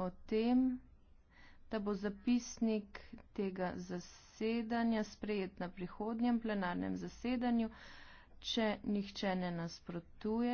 o tem, da bo zapisnik tega zasedanja sprejet na prihodnjem plenarnem zasedanju, če nihče ne nasprotuje.